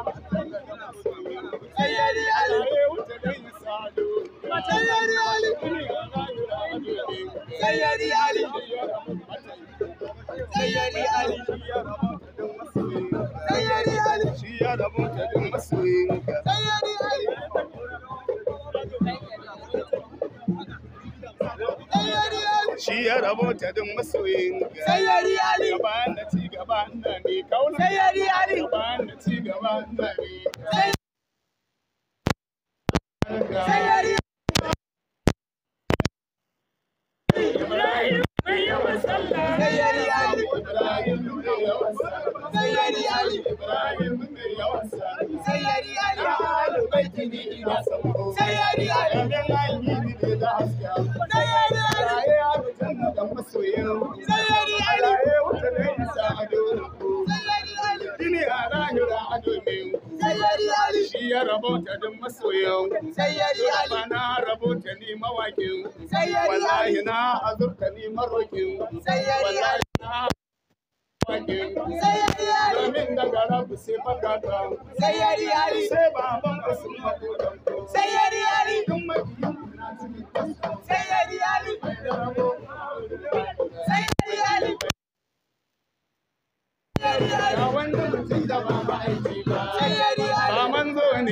Sayyari Ali Sayyari Ali Sayyari Ali Sayyari Ali ya rabo ta da masoyin ga sayyari ali gaba na ci gaba na ne kauna sayyari ali gaba na ci gaba na ne sayyari Ibrahim mai yawan rabota din masoyan Rabba na rabota ni mawakin Wallahi na azurta ni marokin sai bakata Sai yari yari Sai baban asu makotan Sai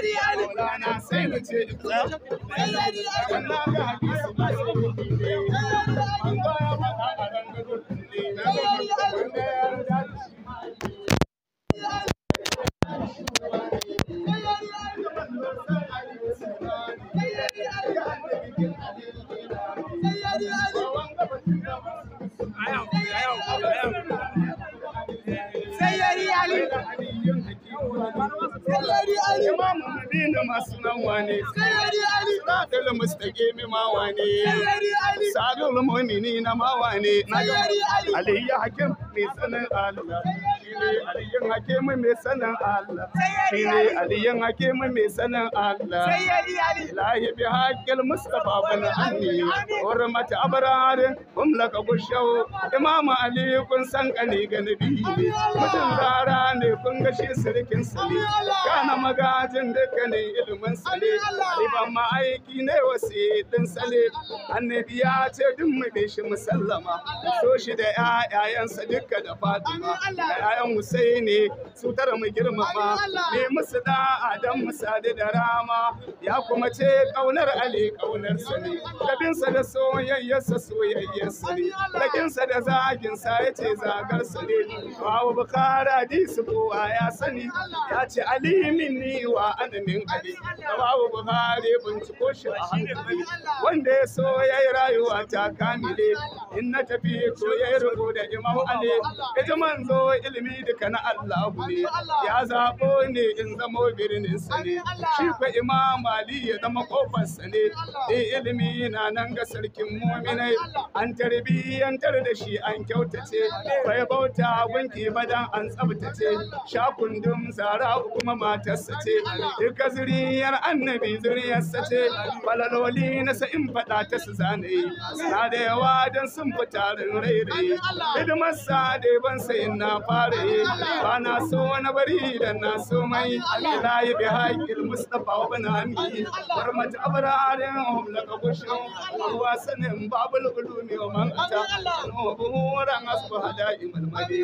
Alheri Ali. Sai mu ce, Allah ga hadisi ba Sayari Ali Imamu Madina masu nan wane Sayari Ali Sadal Mustaqimi ma wane Sayari Ali Sadal Mu'mini na ma wane Sayari Ali Ali hakim mai sanin Allah aliyin hakimi mai sanin Allah shi ne eh, aliyin hakimi mai sanin Allah lahi bi haƙƙil mustafa bin anni hurmata abrarin hum laka gushau imam ali kun san kani ganabi ne mutum rara ne kun ga shi sirkin sali kana magajin dukkanin ilimin sali aliban ma'aiki ne wasi din sali annabi ya ce duk mu bi shi musallama so shi da 'ya'ya'yansa dukka da fatima da ƴaƴan Hassan ne su tara mu girmama ne musu da Adam Musadi da Rama ya kuma ce kaunar Ali kaunar sa ne sa da soyayyar soyayyarsa ne lakinsa da zaginsa ya ce zagar sa ne babu bukara su kowa ya sani ya ce Ali minni wa anamin Ali babu Buhari binciko shi a hankali wanda ya so ya yi rayuwa ta kamile in na tafi ko ya yi rubu da Imam Ali ji manzo ilimi duka na Allahu ne ya zaɓo ne in zamo birnin sa ne shi ko Imam Ali ya zama kofar sa ne eh ilimi na nan ga sarkin mu'minai an tarbiyyantar da shi an kyautace bai bauta gunki badan an tsabtace sha kundum zara kuma matarsa ce duka zuriyar annabi zuriyarsa ce falaloli na sa'in faɗa ta su zane na da yawa don sun fi tarin rairayi hidimarsa da ban sayin na fara ba na so bari da na so mai ilahi bi haƙil mustafa wa bin hami bar mata abrarin hum laka gushin ruwa sanin babul ulumi wa man ata wa buhuran asbu hada'i malmadi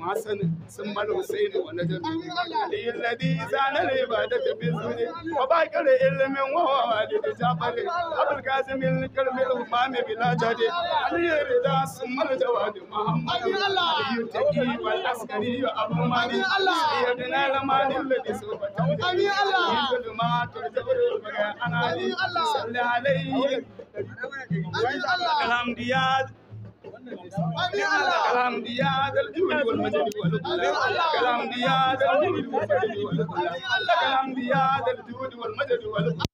ma sanin sun mal husaini wa najar lilladi zanar ibadata bi zuri wa baƙar ilimin wa wa walidi umami bila jadi aliyar da jawadi muhammadu aliyu taqi الغني أمامي الله سيدنا الرحمن الذي سوف أمي الله كل ما ترجو أنا أمي الله صلى عليه أمي الله الحمد يا كلام دياد الجود والمجد والقلة كلام دياد الجود والمجد والقلة كلام دياد الجود والمجد والقلة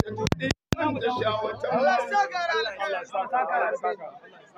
تهدينا متشاوة الله سكر الله سكر